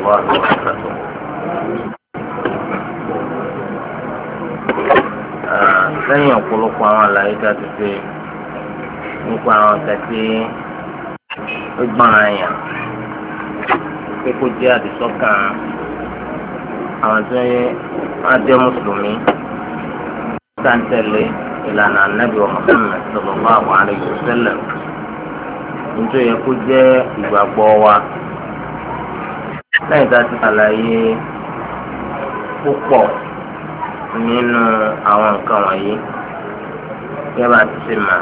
الله وبركاته lẹ́yìn ọ̀pọ̀lọpọ̀ àwọn àlàyé a ti ṣe nípa àwọn ọ̀sẹ̀ tí ó gbọ́n yàn pé kó jẹ́ àdìsọ́kàn àwọn tí wọ́n jẹ́ mùsùlùmí tá ń tẹ̀lé ìlànà ànábì Muhammad sallallahu wa. lẹ́yìn tá a ti ṣàlàyé púpọ̀ nínú àwọn nǹkan wọ̀nyí gẹ́gẹ́ bá a ti ṣe mà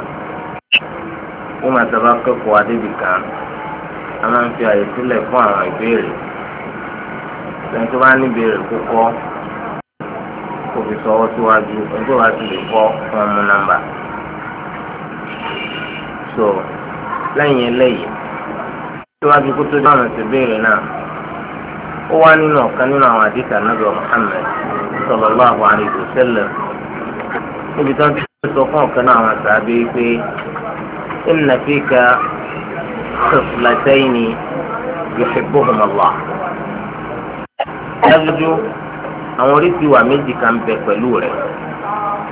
ó máa sábà kẹ́kọ̀ọ́ adébì a máa ń fi àyè sílẹ̀ fún àwọn ìbéèrè lẹ́yìn tó bá ní ìbéèrè kókó kò fi sọ ọwọ́ síwájú ẹjọ́ wa ti lè kọ́ fún ọmọ nọ́mbà so lẹ́yìn eléyìí síwájú kó tó dáhùn sí ìbéèrè náà ó wá nínú ọ̀kan nínú àwọn àdìkà nàbẹ Muhammad sallallahu alaihi wasallam níbi tí wọn ti sọ fún ọ̀kan náà àwọn àtàbí pé inna fika khislataini yuhibbuhuma Allah dájúdájú àwọn oríṣi wà méjì kan bẹ pẹ̀lú rẹ̀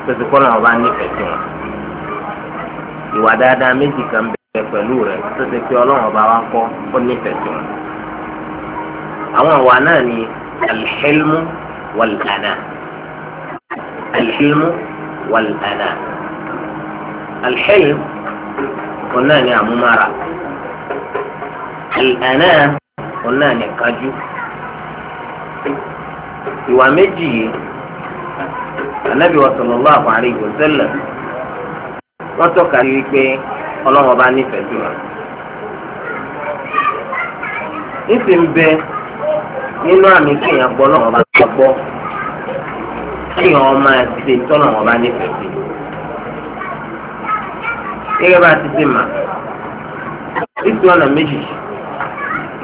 tètè náà ọba nífẹ̀ẹ́ sí wọn ìwà dáadáa méjì kan bẹ pẹ̀lú rẹ̀ tètè ọlọ́run ọba wa kọ́ ó nífẹ̀ẹ́ sí wọn àwọn àwa náà ni alḥilmu wàlànà alḥilmu wàlànà alḥilmu òun náà ni àmúmára àlànà òun náà ni kájú ìwà méjì yìí anabi wa sallallahu alayhi wa sallam wọ́n tọ́ka rí wípé ọlọ́run ọba nífẹ̀ẹ́ sí wọn. nísìnyí bẹ́ẹ̀. nínú àmì kí èèyàn gbọ́ lọ́wọ́ bá ti gbọ́ kí èèyàn máa tọ́nà wọn bá nífẹ̀ẹ́ sí. gẹ́gẹ́ bá ti mà títí ọ̀nà méjì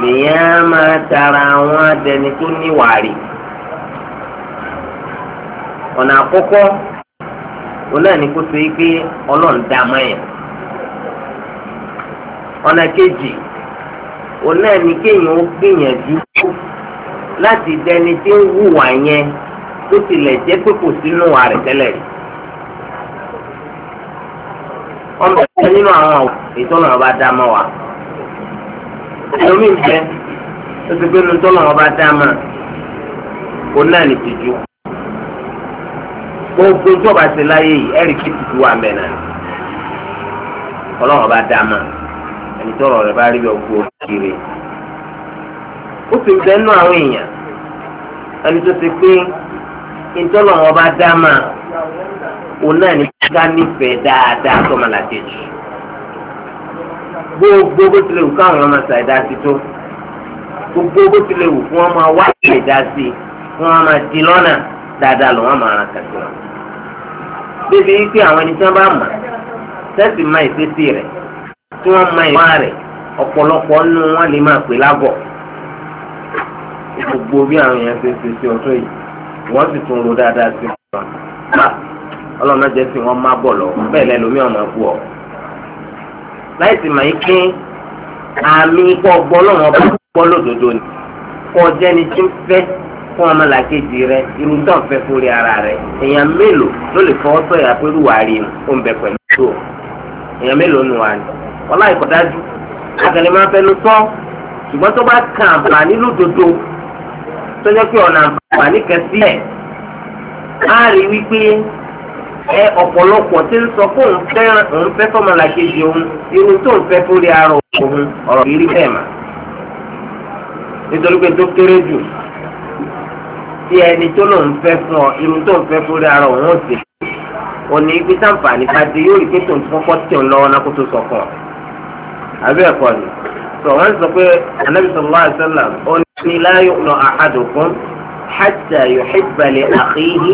lèèyàn máa tara wọn dẹni tó níwàárí. ọ̀nà àkọ́kọ́ ni kó pé ọlọ́run dá láti dẹni tí ń hùwà yẹn tó tilẹ̀ jẹ́ pé kò sínú wa rẹ̀ tẹ́lẹ̀ rí. ọmọ ìgbà nínú àwọn ètò náà bá dá mọ́ wa. ẹlòmí ń bẹ tó ti gbé nu tó náà bá dá mọ́ kó náà ní tìjú. gbogbo tó bá ti láyé yìí ẹ̀rì kí tìjú wà mẹ́ náà. ọlọ́run bá dá ẹni tọ́rọ̀ rẹ̀ bá rí bí ọkọ̀ òkèèrè. ó sì bẹ́ẹ̀ nú àwọn èèyàn ẹni tó ti pé ìtọ́lọ̀ wọn bá dá máa òun náà ní ká nífẹ̀ẹ́ dáadáa tó máa làjẹjù gbogbo bó tilẹ̀ wù káwọn ọmọ dá sí tó gbogbo bó tilẹ̀ wù fún ọmọ wá ṣàì dá sí fún ọmọ di lọ́nà dáadáa lọ́wọ́ máa ra kàtó wọn. bébí wípé àwọn ẹni tí bá sẹ́sì máa ìfésì rẹ̀ tí wọ́n máa rẹ̀ ọ̀pọ̀lọpọ̀ gbogbo bí àwọn èèyàn ṣe ṣe sí ọtún yìí wọ́n sì tún ro dáadáa sí wọn. jẹ́ sí wọn má bọ̀ lọ bẹ́ẹ̀ ọ̀nà ọ. láì sì máa ń kí àmì pọ̀ gbọ́ lọ́wọ́ bá gbọ́ ni kọ́ jẹ́ni tí ń fẹ́ fún ọmọlàkejì rẹ irun tó ń fẹ́ fúnri ara rẹ èèyàn mélòó ló lè fọwọ́ sọ̀yà pé rúwàárí ó ń bẹ pẹ̀lú tó èèyàn mélòó ni ọlá ìkọ̀dájú tọ́jọ́ pé ọ̀nà àǹfààní kẹsílẹ̀ á rí wípé ẹ ọ̀pọ̀lọpọ̀ tí ń sọ fún òun fẹ́ òun fẹ́ fọmọlà kejì òun irun tó ń fẹ́ fórí ara òun ọ̀rọ̀ yìí rí bẹ́ẹ̀ mà nítorí pé tó kéré jù tí ẹni tó lòun fẹ́ fún ọ irun tó ń fẹ́ fórí ara òun ó sì òní ibi sáǹfààní bá dé yóò rí pé tó ń kọ́kọ́ tẹ̀ ọ́ lọ́wọ́ náà kó tó sọ fún ọ àbí ẹ̀kọ́ ni sọ wọ́n sọ pé anábìsọ̀ lọ́wọ́ àṣẹ ní la yu'minu ahadukum hatta yuhibba li akhihi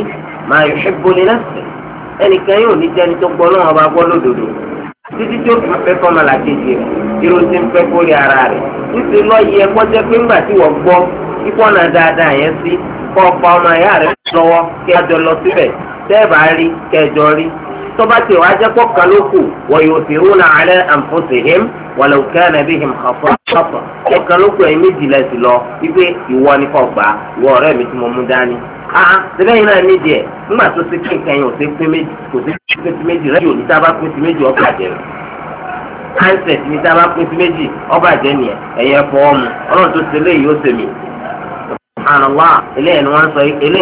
ma yuhibbu li nafsihi ẹnìkan yóò ní jẹ́ni tó gbọ́ lọ́wọ́ bá gbọ́ lódodo títí tó fi fẹ́ fọ́mọ làkejì rẹ̀ irun ti ń fẹ́ kórè ara rẹ̀ títí lọ yẹ kọjá pé ńgbà tí wọ́n gbọ́ kíkọ́nà dáadáa yẹn sí kọ́ ọ̀pá ọmọ ẹ̀yà rẹ̀ lọ́wọ́ kí a lọ síbẹ̀ tẹ́ẹ̀bà rí kẹjọ rí tọ́ba tí wàá jẹ́ kó kan ló kù wọ́n yóò fi rúnà alẹ́ àǹfọ̀sẹ̀hìm wọ́n lọ́wọ́ kẹ́ ẹ̀nà bíi hìmkọ̀fọ́ ọ̀pọ̀ kó kan ló kù ẹ̀ méjìlá sí lọ wípé ìwọ ni kò gbà ìwọ ọ̀rẹ́ mi tí mo mú dání. aa síbẹ̀ yìí náà méjì ẹ̀ nígbà tó ṣe kí yẹn ò ṣe pé méjì kò ṣe pé sí méjì rẹ́díò ní sábà pé sí méjì ọgbà jẹ́ handset